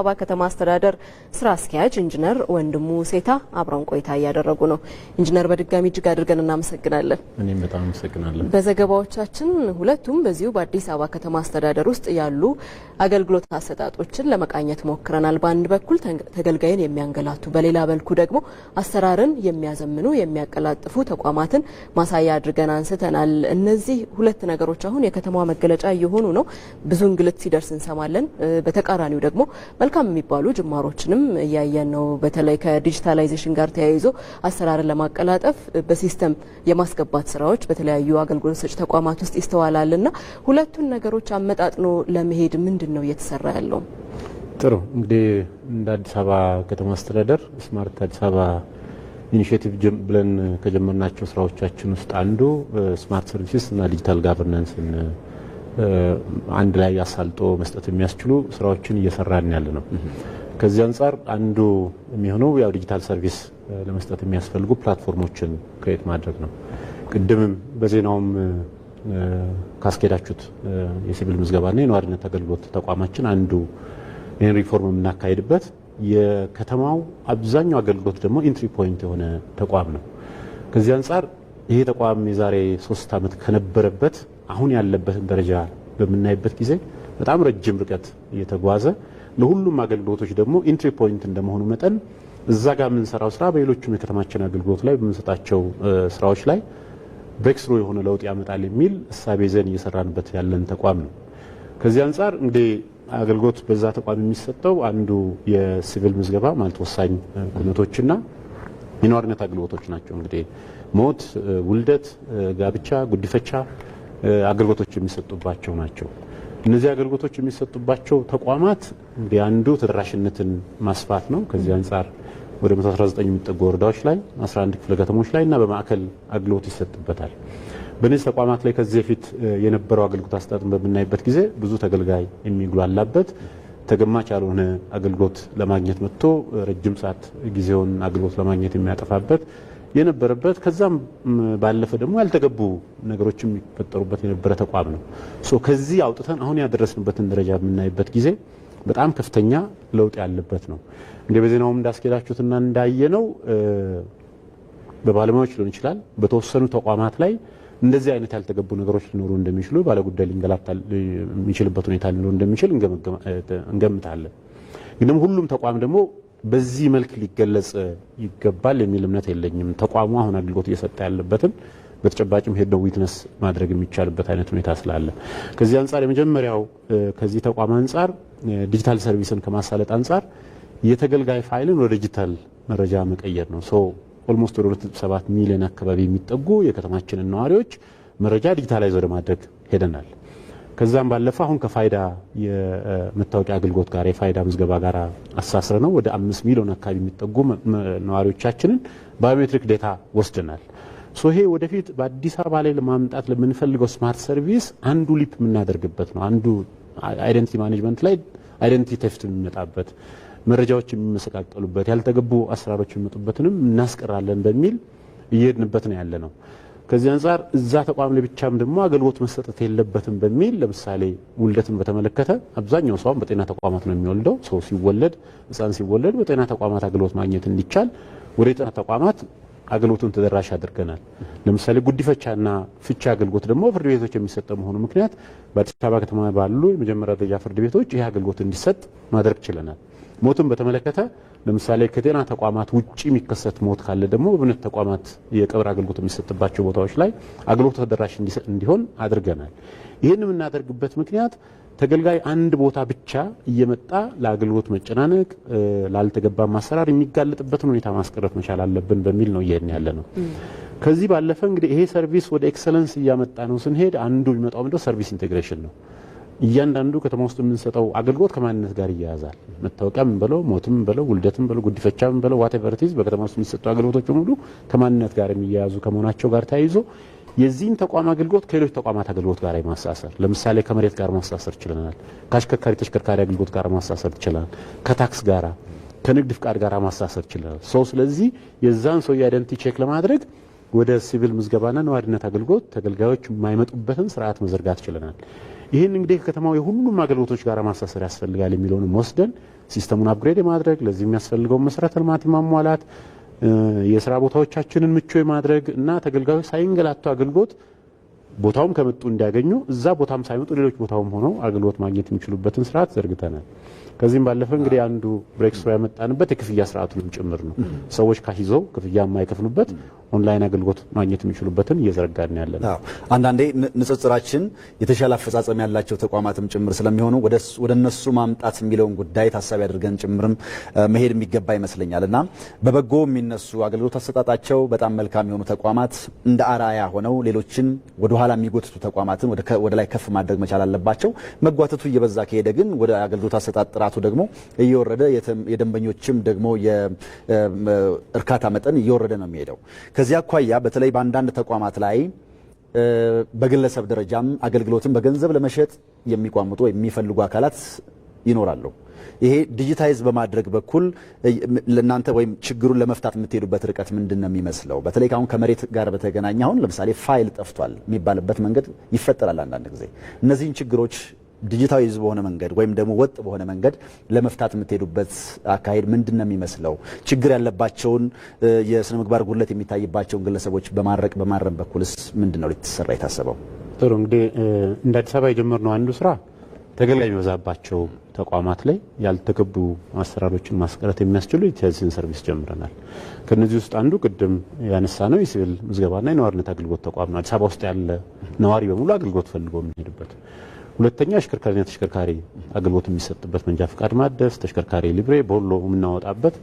አበባ ከተማ አስተዳደር ስራ አስኪያጅ ኢንጂነር ወንድሙ ሴታ አብረን ቆይታ እያደረጉ ነው። ኢንጂነር በድጋሚ እጅግ አድርገን እናመሰግናለን። እኔም በጣም አመሰግናለን። በዘገባዎቻችን ሁለቱም በዚሁ በአዲስ አበባ ከተማ አስተዳደር ውስጥ ያሉ አገልግሎት አሰጣጦችን ለመቃኘት ሞክረናል። በአንድ በኩል ተገልጋይን የሚያንገላቱ፣ በሌላ በልኩ ደግሞ አሰራርን የሚያዘምኑ የሚያቀላጥፉ ተቋማትን ማሳያ አድርገን አንስተናል። እነዚህ ሁለት ነገሮች አሁን የከተማዋ መገለጫ እየሆኑ ነው። ብዙ እንግልት ሲደርስ እንሰማለን። በተቃራኒው ደግሞ መልካም የሚባሉ ጅማሮችንም እያየን ነው። በተለይ ከዲጂታላይዜሽን ጋር ተያይዞ አሰራርን ለማቀላጠፍ በሲስተም የማስገባት ስራዎች በተለያዩ አገልግሎት ሰጪ ተቋማት ውስጥ ይስተዋላል እና ሁለቱን ነገሮች አመጣጥኖ ለመሄድ ምንድን ነው እየተሰራ ያለው? ጥሩ እንግዲህ እንደ አዲስ አበባ ከተማ አስተዳደር ስማርት አዲስ አበባ ኢኒሽቲቭ ብለን ከጀመርናቸው ስራዎቻችን ውስጥ አንዱ ስማርት ሰርቪስስ እና ዲጂታል ጋቨርናንስን አንድ ላይ አሳልጦ መስጠት የሚያስችሉ ስራዎችን እየሰራን ያለ ነው። ከዚህ አንጻር አንዱ የሚሆነው ያው ዲጂታል ሰርቪስ ለመስጠት የሚያስፈልጉ ፕላትፎርሞችን ክሬት ማድረግ ነው። ቅድምም በዜናውም ካስኬዳችሁት የሲቪል ምዝገባና የነዋሪነት አገልግሎት ተቋማችን አንዱ ይህን ሪፎርም የምናካሄድበት የከተማው አብዛኛው አገልግሎት ደግሞ ኢንትሪ ፖይንት የሆነ ተቋም ነው። ከዚህ አንጻር ይሄ ተቋም የዛሬ ሶስት ዓመት ከነበረበት አሁን ያለበትን ደረጃ በምናይበት ጊዜ በጣም ረጅም ርቀት እየተጓዘ ለሁሉም አገልግሎቶች ደግሞ ኢንትሪ ፖይንት እንደመሆኑ መጠን እዛ ጋር የምንሰራው ስራ በሌሎቹም የከተማችን አገልግሎት ላይ በምንሰጣቸው ስራዎች ላይ ብሬክስሩ የሆነ ለውጥ ያመጣል የሚል እሳቤ ዘን እየሰራንበት ያለን ተቋም ነው። ከዚህ አንጻር እንግዲህ አገልግሎት በዛ ተቋም የሚሰጠው አንዱ የሲቪል ምዝገባ ማለት ወሳኝ ኩነቶችና የነዋሪነት አገልግሎቶች ናቸው። እንግዲህ ሞት፣ ውልደት፣ ጋብቻ፣ ጉድፈቻ። አገልግሎቶች የሚሰጡባቸው ናቸው። እነዚህ አገልግሎቶች የሚሰጡባቸው ተቋማት እንግዲህ አንዱ ተደራሽነትን ማስፋት ነው። ከዚህ አንጻር ወደ 119 የሚጠጉ ወረዳዎች ላይ 11 ክፍለ ከተሞች ላይ እና በማዕከል አገልግሎት ይሰጥበታል። በእነዚህ ተቋማት ላይ ከዚህ በፊት የነበረው አገልግሎት አሰጣጥን በምናይበት ጊዜ ብዙ ተገልጋይ የሚጉላላበት ተገማች ያልሆነ አገልግሎት ለማግኘት መጥቶ ረጅም ሰዓት ጊዜውን አገልግሎት ለማግኘት የሚያጠፋበት የነበረበት ከዛም ባለፈ ደግሞ ያልተገቡ ነገሮች የሚፈጠሩበት የነበረ ተቋም ነው። ከዚህ አውጥተን አሁን ያደረስንበትን ደረጃ የምናይበት ጊዜ በጣም ከፍተኛ ለውጥ ያለበት ነው። እንደ በዜናውም እንዳስኬዳችሁትና እንዳየነው በባለሙያዎች ሊሆን ይችላል በተወሰኑ ተቋማት ላይ እንደዚህ አይነት ያልተገቡ ነገሮች ሊኖሩ እንደሚችሉ ባለጉዳይ ሊንገላታ የሚችልበት ሁኔታ ሊኖሩ እንደሚችል እንገምታለን። ግን ሁሉም ተቋም ደግሞ በዚህ መልክ ሊገለጽ ይገባል የሚል እምነት የለኝም። ተቋሙ አሁን አገልግሎት እየሰጠ ያለበትን በተጨባጭም ሄደው ዊትነስ ማድረግ የሚቻልበት አይነት ሁኔታ ስላለ ከዚህ አንጻር የመጀመሪያው ከዚህ ተቋም አንጻር ዲጂታል ሰርቪስን ከማሳለጥ አንጻር የተገልጋይ ፋይልን ወደ ዲጂታል መረጃ መቀየር ነው። ሶ ኦልሞስት ወደ 27 ሚሊዮን አካባቢ የሚጠጉ የከተማችንን ነዋሪዎች መረጃ ዲጂታላይዝ ወደ ማድረግ ሄደናል። ከዛም ባለፈ አሁን ከፋይዳ የመታወቂያ አገልግሎት ጋር የፋይዳ ምዝገባ ጋር አሳስረ ነው ወደ አምስት ሚሊዮን አካባቢ የሚጠጉ ነዋሪዎቻችንን ባዮሜትሪክ ዴታ ወስደናል። ይሄ ወደፊት በአዲስ አበባ ላይ ለማምጣት ለምንፈልገው ስማርት ሰርቪስ አንዱ ሊፕ የምናደርግበት ነው። አንዱ አይደንቲቲ ማኔጅመንት ላይ አይደንቲቲ ተፍት የሚመጣበት መረጃዎች የሚመሰቃቀሉበት ያልተገቡ አሰራሮች የሚመጡበትንም እናስቀራለን በሚል እየሄድንበት ነው ያለ ነው። ከዚህ አንጻር እዛ ተቋም ላይ ብቻም ደግሞ አገልግሎት መሰጠት የለበትም በሚል ለምሳሌ ውልደትን በተመለከተ አብዛኛው ሰውም በጤና ተቋማት ነው የሚወልደው። ሰው ሲወለድ ህፃን ሲወለድ በጤና ተቋማት አገልግሎት ማግኘት እንዲቻል ወደ ጤና ተቋማት አገልግሎቱን ተደራሽ አድርገናል። ለምሳሌ ጉዲፈቻና ፍቻ አገልግሎት ደግሞ ፍርድ ቤቶች የሚሰጠ መሆኑ ምክንያት በአዲስ አበባ ከተማ ባሉ የመጀመሪያ ደረጃ ፍርድ ቤቶች ይህ አገልግሎት እንዲሰጥ ማድረግ ችለናል። ሞትን በተመለከተ ለምሳሌ ከጤና ተቋማት ውጭ የሚከሰት ሞት ካለ ደግሞ በእምነት ተቋማት የቀብር አገልግሎት የሚሰጥባቸው ቦታዎች ላይ አገልግሎት ተደራሽ እንዲሆን አድርገናል። ይህን የምናደርግበት ምክንያት ተገልጋይ አንድ ቦታ ብቻ እየመጣ ለአገልግሎት መጨናነቅ፣ ላልተገባ ማሰራር የሚጋለጥበትን ሁኔታ ማስቀረት መቻል አለብን በሚል ነው እየሄድን ያለ ነው። ከዚህ ባለፈ እንግዲህ ይሄ ሰርቪስ ወደ ኤክሰለንስ እያመጣ ነው ስንሄድ አንዱ የሚመጣው ምንድነው ሰርቪስ ኢንቴግሬሽን ነው። እያንዳንዱ ከተማ ውስጥ የምንሰጠው አገልግሎት ከማንነት ጋር ይያያዛል። መታወቂያም በለው ሞትም ብለው ውልደትም ብለው ጉዲፈቻም በለው ዋቴቨርቲዝ በከተማ ውስጥ የሚሰጡ አገልግሎቶች በሙሉ ከማንነት ጋር የሚያያዙ ከመሆናቸው ጋር ተያይዞ የዚህን ተቋም አገልግሎት ከሌሎች ተቋማት አገልግሎት ጋር ማሳሰር፣ ለምሳሌ ከመሬት ጋር ማሳሰር ችለናል። ከአሽከርካሪ ተሽከርካሪ አገልግሎት ጋር ማሳሰር ችለናል። ከታክስ ጋር ከንግድ ፍቃድ ጋር ማሳሰር ችለናል። ሰው ስለዚህ የዛን ሰው የአይደንቲቲ ቼክ ለማድረግ ወደ ሲቪል ምዝገባና ነዋሪነት አገልግሎት ተገልጋዮች የማይመጡበትን ስርዓት መዘርጋት ችለናል። ይህን እንግዲህ ከከተማው የሁሉም አገልግሎቶች ጋር ማሳሰር ያስፈልጋል የሚለውንም ወስደን ሲስተሙን አፕግሬድ የማድረግ ለዚህ የሚያስፈልገውን መሰረተ ልማት የማሟላት የስራ ቦታዎቻችንን ምቹ የማድረግ እና ተገልጋዮች ሳይንገላቱ አገልግሎት ቦታውም ከመጡ እንዲያገኙ እዛ ቦታም ሳይመጡ ሌሎች ቦታውም ሆነው አገልግሎት ማግኘት የሚችሉበትን ስርዓት ዘርግተናል። ከዚህም ባለፈ እንግዲህ አንዱ ብሬክስ ያመጣንበት የክፍያ ስርዓቱንም ጭምር ነው። ሰዎች ካሽ ይዘው ክፍያ የማይከፍሉበት ኦንላይን አገልግሎት ማግኘት የሚችሉበትን እየዘረጋን ያለ ነው። አንዳንዴ ንጽጽራችን የተሻለ አፈጻጸም ያላቸው ተቋማትም ጭምር ስለሚሆኑ ወደ እነሱ ማምጣት የሚለውን ጉዳይ ታሳቢ አድርገን ጭምርም መሄድ የሚገባ ይመስለኛል እና በበጎ የሚነሱ አገልግሎት አሰጣጣቸው በጣም መልካም የሆኑ ተቋማት እንደ አራያ ሆነው ሌሎችን ወደኋላ የሚጎትቱ ተቋማትን ወደ ላይ ከፍ ማድረግ መቻል አለባቸው። መጓተቱ እየበዛ ከሄደ ግን ወደ አገልግሎት አሰጣጥ ጥራቱ ደግሞ እየወረደ የደንበኞችም ደግሞ የእርካታ መጠን እየወረደ ነው የሚሄደው። ከዚህ አኳያ በተለይ በአንዳንድ ተቋማት ላይ በግለሰብ ደረጃም አገልግሎትን በገንዘብ ለመሸጥ የሚቋምጡ የሚፈልጉ አካላት ይኖራሉ። ይሄ ዲጂታይዝ በማድረግ በኩል ለእናንተ ወይም ችግሩን ለመፍታት የምትሄዱበት ርቀት ምንድን ነው የሚመስለው? በተለይ ከአሁን ከመሬት ጋር በተገናኘ አሁን ለምሳሌ ፋይል ጠፍቷል የሚባልበት መንገድ ይፈጠራል አንዳንድ ጊዜ እነዚህን ችግሮች ዲጂታዊ ህዝብ በሆነ መንገድ ወይም ደግሞ ወጥ በሆነ መንገድ ለመፍታት የምትሄዱበት አካሄድ ምንድን ነው የሚመስለው? ችግር ያለባቸውን የስነ ምግባር ጉድለት የሚታይባቸውን ግለሰቦች በማድረቅ በማረም በኩልስ ምንድን ነው ሊተሰራ የታሰበው? ጥሩ እንግዲህ እንደ አዲስ አበባ የጀመርነው አንዱ ስራ ተገልጋይ የሚበዛባቸው ተቋማት ላይ ያልተገቡ አሰራሮችን ማስቀረት የሚያስችሉ የሲቲዝን ሰርቪስ ጀምረናል። ከነዚህ ውስጥ አንዱ ቅድም ያነሳ ነው የሲቪል ምዝገባና የነዋሪነት አገልግሎት ተቋም ነው። አዲስ አበባ ውስጥ ያለ ነዋሪ በሙሉ አገልግሎት ፈልጎ የሚሄድበት ሁለተኛ አሽከርካሪና ተሽከርካሪ አገልግሎት የሚሰጥበት መንጃ ፈቃድ ማደስ፣ ተሽከርካሪ ሊብሬ ቦሎ የምናወጣበት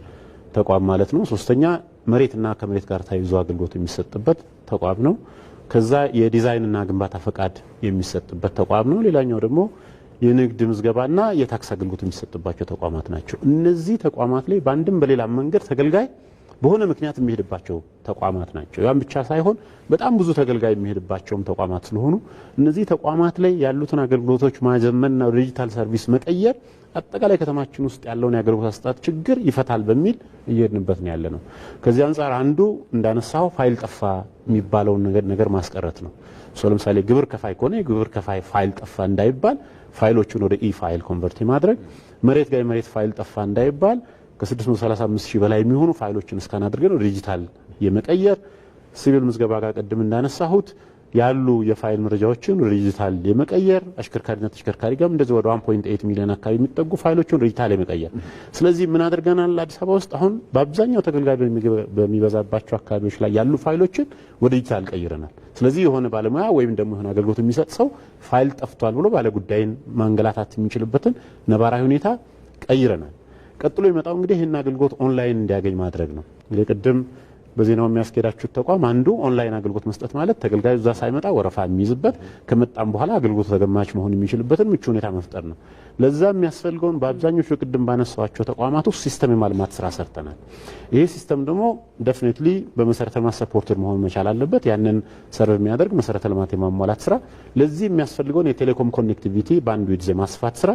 ተቋም ማለት ነው። ሶስተኛ መሬትና ከመሬት ጋር ተያይዞ አገልግሎት የሚሰጥበት ተቋም ነው። ከዛ የዲዛይንና ግንባታ ፈቃድ የሚሰጥበት ተቋም ነው። ሌላኛው ደግሞ የንግድ ምዝገባና የታክስ አገልግሎት የሚሰጥባቸው ተቋማት ናቸው። እነዚህ ተቋማት ላይ በአንድም በሌላም መንገድ ተገልጋይ በሆነ ምክንያት የሚሄድባቸው ተቋማት ናቸው። ያም ብቻ ሳይሆን በጣም ብዙ ተገልጋይ የሚሄድባቸውም ተቋማት ስለሆኑ እነዚህ ተቋማት ላይ ያሉትን አገልግሎቶች ማዘመንና ወደ ዲጂታል ሰርቪስ መቀየር አጠቃላይ ከተማችን ውስጥ ያለውን የአገልግሎት አሰጣጥ ችግር ይፈታል በሚል እየሄድንበት ነው ያለ ነው። ከዚህ አንጻር አንዱ እንዳነሳው ፋይል ጠፋ የሚባለውን ነገር ማስቀረት ነው። ለምሳሌ ግብር ከፋይ ከሆነ የግብር ከፋይ ፋይል ጠፋ እንዳይባል ፋይሎቹን ወደ ኢ ፋይል ኮንቨርት ማድረግ፣ መሬት ጋር የመሬት ፋይል ጠፋ እንዳይባል ከ635 ሺህ በላይ የሚሆኑ ፋይሎችን እስካን አድርገን ወደ ዲጂታል የመቀየር ሲቪል ምዝገባ ጋር ቅድም እንዳነሳሁት ያሉ የፋይል መረጃዎችን ወደ ዲጂታል የመቀየር አሽከርካሪና ተሽከርካሪ ጋር እንደዚህ ወደ 1.8 ሚሊዮን አካባቢ የሚጠጉ ፋይሎችን ወደ ዲጂታል የመቀየር ስለዚህ ምን አድርገናል? አዲስ አበባ ውስጥ አሁን በአብዛኛው ተገልጋይ በሚበዛባቸው አካባቢዎች ላይ ያሉ ፋይሎችን ወደ ዲጂታል ቀይረናል። ስለዚህ የሆነ ባለሙያ ወይም ደግሞ የሆነ አገልግሎት የሚሰጥ ሰው ፋይል ጠፍቷል ብሎ ባለጉዳይን ማንገላታት የሚችልበትን ነባራዊ ሁኔታ ቀይረናል። ቀጥሎ የሚመጣው እንግዲህ ይህን አገልግሎት ኦንላይን እንዲያገኝ ማድረግ ነው። እንግዲህ ቅድም በዜናው የሚያስኬዳችሁት ተቋም አንዱ ኦንላይን አገልግሎት መስጠት ማለት ተገልጋዩ እዛ ሳይመጣ ወረፋ የሚይዝበት ከመጣም በኋላ አገልግሎቱ ተገማች መሆን የሚችልበትን ምቹ ሁኔታ መፍጠር ነው። ለዛ የሚያስፈልገውን በአብዛኞቹ ቅድም ባነሳቸው ተቋማት ውስጥ ሲስተም የማልማት ስራ ሰርተናል። ይህ ሲስተም ደግሞ ደፍኔትሊ በመሰረተ ልማት ሰፖርትድ መሆን መቻል አለበት። ያንን ሰርቭ የሚያደርግ መሰረተ ልማት የማሟላት ስራ፣ ለዚህ የሚያስፈልገውን የቴሌኮም ኮኔክቲቪቲ ባንድዊድዝ የማስፋት ስራ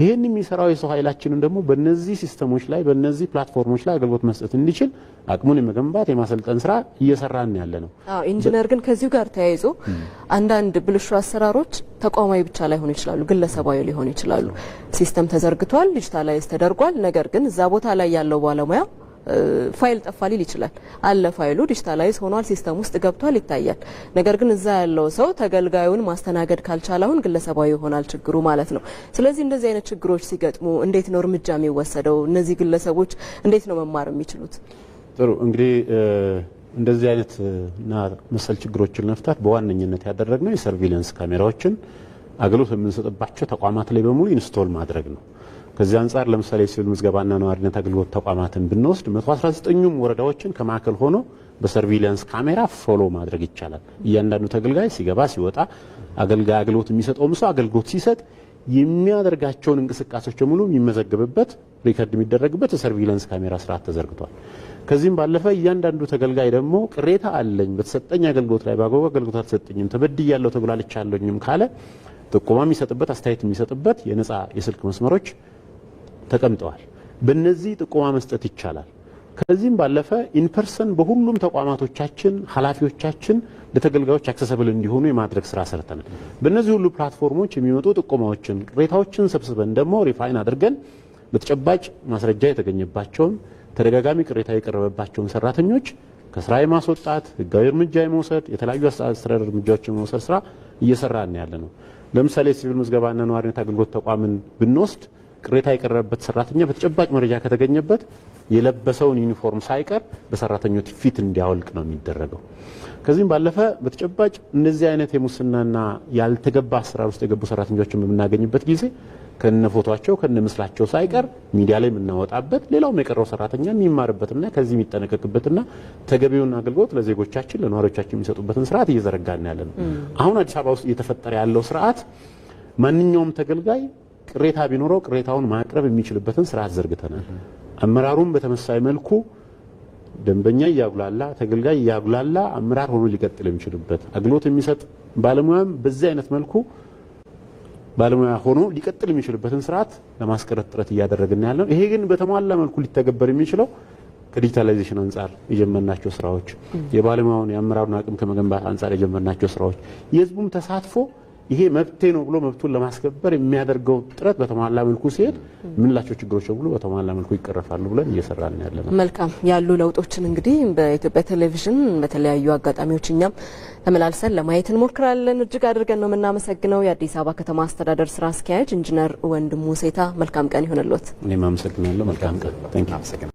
ይህን የሚሰራው የሰው ኃይላችንን ደግሞ በነዚህ ሲስተሞች ላይ በነዚህ ፕላትፎርሞች ላይ አገልግሎት መስጠት እንዲችል አቅሙን የመገንባት የማሰልጠን ስራ እየሰራን ያለ ነው። ኢንጂነር ግን ከዚሁ ጋር ተያይዞ አንዳንድ ብልሹ አሰራሮች ተቋማዊ ብቻ ላይሆኑ ይችላሉ፣ ግለሰባዊ ሊሆኑ ይችላሉ። ሲስተም ተዘርግቷል፣ ዲጂታላይዝ ተደርጓል። ነገር ግን እዛ ቦታ ላይ ያለው ባለሙያ ፋይል ጠፋ ሊል ይችላል። አለ ፋይሉ ዲጂታላይዝ ሆኗል፣ ሲስተም ውስጥ ገብቷል፣ ይታያል። ነገር ግን እዛ ያለው ሰው ተገልጋዩን ማስተናገድ ካልቻለ አሁን ግለሰባዊ ይሆናል ችግሩ ማለት ነው። ስለዚህ እንደዚህ አይነት ችግሮች ሲገጥሙ እንዴት ነው እርምጃ የሚወሰደው? እነዚህ ግለሰቦች እንዴት ነው መማር የሚችሉት? ጥሩ እንግዲህ እንደዚህ አይነት እና መሰል ችግሮችን ለመፍታት በዋነኝነት ያደረግነው የሰርቪለንስ ካሜራዎችን አገልግሎት የምንሰጥባቸው ተቋማት ላይ በሙሉ ኢንስቶል ማድረግ ነው። ከዚህ አንጻር ለምሳሌ የሲቪል ምዝገባና ነዋሪነት አገልግሎት ተቋማትን ብንወስድ 119ኙም ወረዳዎችን ከማዕከል ሆኖ በሰርቪሊያንስ ካሜራ ፎሎ ማድረግ ይቻላል። እያንዳንዱ ተገልጋይ ሲገባ፣ ሲወጣ፣ አገልጋይ አገልግሎት የሚሰጠውም ሰው አገልግሎት ሲሰጥ የሚያደርጋቸውን እንቅስቃሴዎች በሙሉ የሚመዘገብበት ሪከርድ የሚደረግበት የሰርቪለንስ ካሜራ ስርዓት ተዘርግቷል። ከዚህም ባለፈ እያንዳንዱ ተገልጋይ ደግሞ ቅሬታ አለኝ በተሰጠኝ አገልግሎት ላይ በአግባቡ አገልግሎት አልተሰጠኝም፣ ተበድያለሁ፣ ተጉላልቻለሁም ካለ ጥቆማ የሚሰጥበት አስተያየት የሚሰጥበት የነጻ የስልክ መስመሮች ተቀምጠዋል። በእነዚህ ጥቆማ መስጠት ይቻላል። ከዚህም ባለፈ ኢንፐርሰን በሁሉም ተቋማቶቻችን ኃላፊዎቻችን ለተገልጋዮች አክሰሰብል እንዲሆኑ የማድረግ ስራ ሰርተናል። በእነዚህ ሁሉ ፕላትፎርሞች የሚመጡ ጥቆማዎችን፣ ቅሬታዎችን ሰብስበን ደግሞ ሪፋይን አድርገን በተጨባጭ ማስረጃ የተገኘባቸውን ተደጋጋሚ ቅሬታ የቀረበባቸውን ሰራተኞች ከስራ የማስወጣት ህጋዊ እርምጃ የመውሰድ የተለያዩ አስተዳደር እርምጃዎች የመውሰድ ስራ እየሰራን ያለ ነው። ለምሳሌ ሲቪል ምዝገባና ነዋሪነት አገልግሎት ተቋምን ብንወስድ ቅሬታ የቀረበበት ሰራተኛ በተጨባጭ መረጃ ከተገኘበት የለበሰውን ዩኒፎርም ሳይቀር በሰራተኞች ፊት እንዲያወልቅ ነው የሚደረገው። ከዚህም ባለፈ በተጨባጭ እነዚህ አይነት የሙስናና ያልተገባ አሰራር ውስጥ የገቡ ሰራተኞችን በምናገኝበት ጊዜ ከነ ፎቷቸው ከነ ምስላቸው ሳይቀር ሚዲያ ላይ የምናወጣበት ሌላውም የቀረው ሰራተኛ የሚማርበትና ከዚህ የሚጠነቀቅበትና ተገቢውን አገልግሎት ለዜጎቻችን ለነዋሪዎቻችን የሚሰጡበትን ስርዓት እየዘረጋን ያለ ነው። አሁን አዲስ አበባ ውስጥ እየተፈጠረ ያለው ስርዓት ማንኛውም ተገልጋይ ቅሬታ ቢኖረው ቅሬታውን ማቅረብ የሚችልበትን ስርዓት ዘርግተናል። አመራሩም በተመሳይ መልኩ ደንበኛ እያጉላላ ተገልጋይ እያጉላላ አመራር ሆኖ ሊቀጥል የሚችልበት አገልግሎት የሚሰጥ ባለሙያም በዚህ አይነት መልኩ ባለሙያ ሆኖ ሊቀጥል የሚችልበትን ስርዓት ለማስቀረት ጥረት እያደረግን ያለ ነው። ይሄ ግን በተሟላ መልኩ ሊተገበር የሚችለው ከዲጂታላይዜሽን አንጻር የጀመርናቸው ስራዎች፣ የባለሙያውን የአመራሩን አቅም ከመገንባት አንጻር የጀመርናቸው ስራዎች፣ የህዝቡም ተሳትፎ ይሄ መብቴ ነው ብሎ መብቱን ለማስከበር የሚያደርገው ጥረት በተሟላ መልኩ ሲሄድ ምንላቸው ችግሮች ሁሉ በተሟላ መልኩ ይቀረፋሉ ብለን እየሰራን ያለ ነው። መልካም ያሉ ለውጦችን እንግዲህ በኢትዮጵያ ቴሌቪዥን በተለያዩ አጋጣሚዎች እኛም ተመላልሰን ለማየት እንሞክራለን። እጅግ አድርገን ነው የምናመሰግነው። የአዲስ አበባ ከተማ አስተዳደር ስራ አስኪያጅ ኢንጂነር ወንድሙ ሴታ መልካም ቀን ይሆንልዎት። እኔም አመሰግናለሁ። መልካም ቀን።